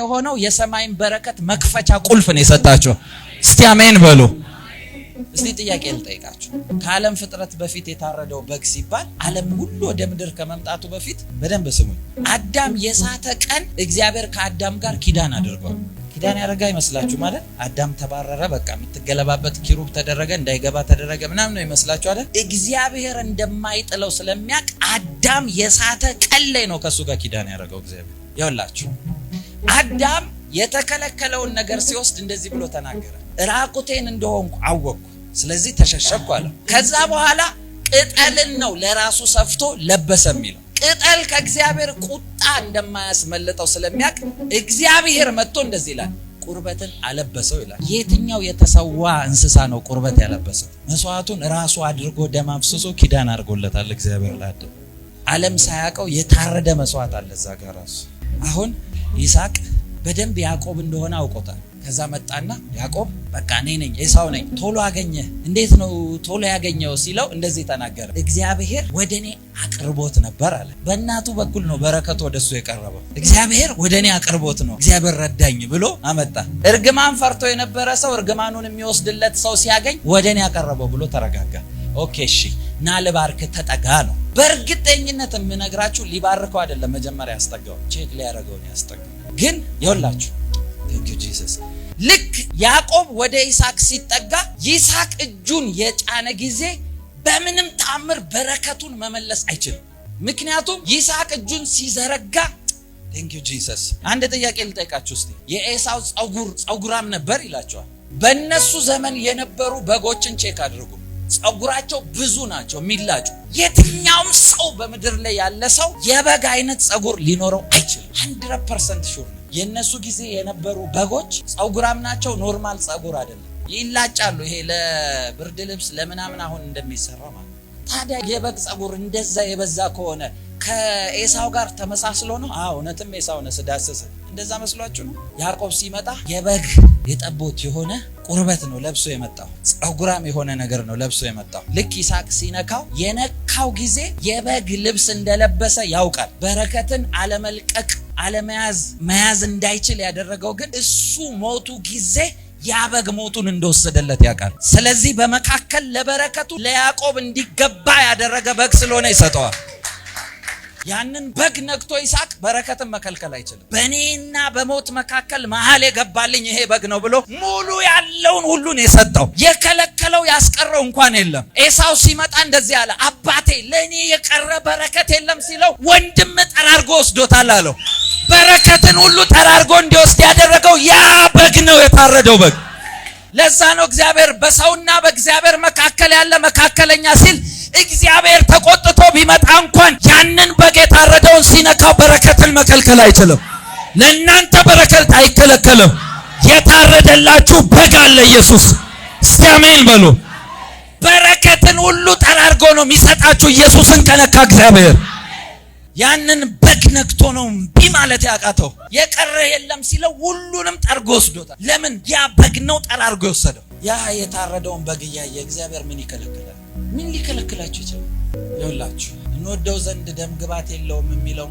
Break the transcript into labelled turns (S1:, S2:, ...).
S1: የሆነው የሰማይን በረከት መክፈቻ ቁልፍ ነው የሰጣቸው። እስቲ አሜን በሉ። እስቲ ጥያቄ ልጠይቃችሁ። ከዓለም ፍጥረት በፊት የታረደው በግ ሲባል ዓለም ሁሉ ወደ ምድር ከመምጣቱ በፊት በደንብ ስሙኝ። አዳም የሳተ ቀን እግዚአብሔር ከአዳም ጋር ኪዳን አድርጓል። ኪዳን ያደረጋ ይመስላችሁ? ማለት አዳም ተባረረ፣ በቃ የምትገለባበት ኪሩብ ተደረገ፣ እንዳይገባ ተደረገ ምናምን ነው ይመስላችሁ አይደል? እግዚአብሔር እንደማይጥለው ስለሚያውቅ አዳም የሳተ ቀን ላይ ነው ከእሱ ጋር ኪዳን ያደረገው እግዚአብሔር። ይኸውላችሁ አዳም የተከለከለውን ነገር ሲወስድ እንደዚህ ብሎ ተናገረ፣ ራቁቴን እንደሆንኩ አወቅኩ፣ ስለዚህ ተሸሸኩ አለ። ከዛ በኋላ ቅጠልን ነው ለራሱ ሰፍቶ ለበሰ የሚለው ቅጠል ከእግዚአብሔር ቁጣ እንደማያስመልጠው ስለሚያውቅ እግዚአብሔር መጥቶ እንደዚህ ይላል ቁርበትን አለበሰው ይላል። የትኛው የተሰዋ እንስሳ ነው ቁርበት ያለበሰው? መስዋዕቱን ራሱ አድርጎ ደም አፍስሶ ኪዳን አድርጎለታል እግዚአብሔር ለአዳም። ዓለም ሳያውቀው የታረደ መስዋዕት አለ እዛ ጋር ራሱ አሁን ይስሐቅ በደንብ ያዕቆብ እንደሆነ አውቆታል። ከዛ መጣና ያዕቆብ በቃ እኔ ነኝ ኤሳው ነኝ፣ ቶሎ አገኘ እንዴት ነው ቶሎ ያገኘው ሲለው እንደዚህ ተናገረ። እግዚአብሔር ወደ እኔ አቅርቦት ነበር አለ። በእናቱ በኩል ነው ወደ ወደሱ የቀረበው። እግዚአብሔር ወደ እኔ አቅርቦት ነው፣ እግዚአብሔር ረዳኝ ብሎ አመጣ። እርግማን ፈርቶ የነበረ ሰው እርግማኑን የሚወስድለት ሰው ሲያገኝ ወደ እኔ ብሎ ተረጋጋ። ኦኬ እሺ፣ ና ልባርክ፣ ተጠጋ ነው በእርግጠኝነት የምነግራችሁ ሊባርከው አይደለም መጀመሪያ ያስጠጋው፣ ቼክ ሊያደርገው ነው ያስጠጋው። ግን ይኸውላችሁ ጂሰስ ልክ ያዕቆብ ወደ ይስሐቅ ሲጠጋ ይስሐቅ እጁን የጫነ ጊዜ በምንም ታምር በረከቱን መመለስ አይችልም። ምክንያቱም ይስሐቅ እጁን ሲዘረጋ ቴንክ ጂሰስ። አንድ ጥያቄ ልጠይቃችሁ ውስ የኤሳው ጸጉር ጸጉራም ነበር ይላቸዋል። በእነሱ ዘመን የነበሩ በጎችን ቼክ አድርጉ። ፀጉራቸው ብዙ ናቸው የሚላጩ። የትኛውም ሰው በምድር ላይ ያለ ሰው የበግ አይነት ፀጉር ሊኖረው አይችልም። ሀንድረድ ፐርሰንት ሹር ነው። የእነሱ ጊዜ የነበሩ በጎች ጸጉራም ናቸው፣ ኖርማል ፀጉር አይደለም። ይላጫሉ። ይሄ ለብርድ ልብስ ለምናምን አሁን እንደሚሰራ ማለት ታዲያ የበግ ፀጉር እንደዛ የበዛ ከሆነ ከኤሳው ጋር ተመሳስሎ ነው። እውነትም ኤሳው ነ ስዳሰሰ እንደዛ መስሏችሁ ነው። ያዕቆብ ሲመጣ የበግ የጠቦት የሆነ ቁርበት ነው ለብሶ የመጣው። ጸጉራም የሆነ ነገር ነው ለብሶ የመጣው። ልክ ይስሐቅ ሲነካው የነካው ጊዜ የበግ ልብስ እንደለበሰ ያውቃል። በረከትን አለመልቀቅ አለመያዝ መያዝ እንዳይችል ያደረገው ግን እሱ ሞቱ ጊዜ ያበግ ሞቱን እንደወሰደለት ያውቃል። ስለዚህ በመካከል ለበረከቱ ለያዕቆብ እንዲገባ ያደረገ በግ ስለሆነ ይሰጠዋል። ያንን በግ ነክቶ ይስሐቅ በረከትን መከልከል አይችልም። በእኔና በሞት መካከል መሀል የገባልኝ ይሄ በግ ነው ብሎ ሙሉ ያለውን ሁሉን የሰጠው የከለከለው ያስቀረው እንኳን የለም። ኤሳው ሲመጣ እንደዚህ አለ፣ አባቴ ለእኔ የቀረ በረከት የለም ሲለው ወንድም ጠራርጎ ወስዶታል አለው። በረከትን ሁሉ ጠራርጎ እንዲወስድ ያደረገው ያ በግ ነው፣ የታረደው በግ። ለዛ ነው እግዚአብሔር በሰውና በእግዚአብሔር መካከል ያለ መካከለኛ ሲል እግዚአብሔር ተቆጥቶ ቢመጣ እንኳን ያንን በግ የታረደውን ሲነካው በረከትን መከልከል አይችልም። ለእናንተ በረከት አይከለከልም። የታረደላችሁ በግ አለ ኢየሱስ። እስቲ አሜን በሉ። በረከትን ሁሉ ጠራርጎ ነው የሚሰጣችሁ። ኢየሱስን ከነካ እግዚአብሔር ያንን በግ ነክቶ ነው እምቢ ማለት ያቃተው። የቀረ የለም ሲለው ሁሉንም ጠርጎ ወስዶታል። ለምን? ያ በግ ነው ጠራርጎ የወሰደው። ያ የታረደውን በግ እያየ እግዚአብሔር ምን ይከለክላል? ምን ሊከለክላችሁ ይችላል? ይኸውላችሁ እንወደው ዘንድ ደም ግባት የለውም የሚለው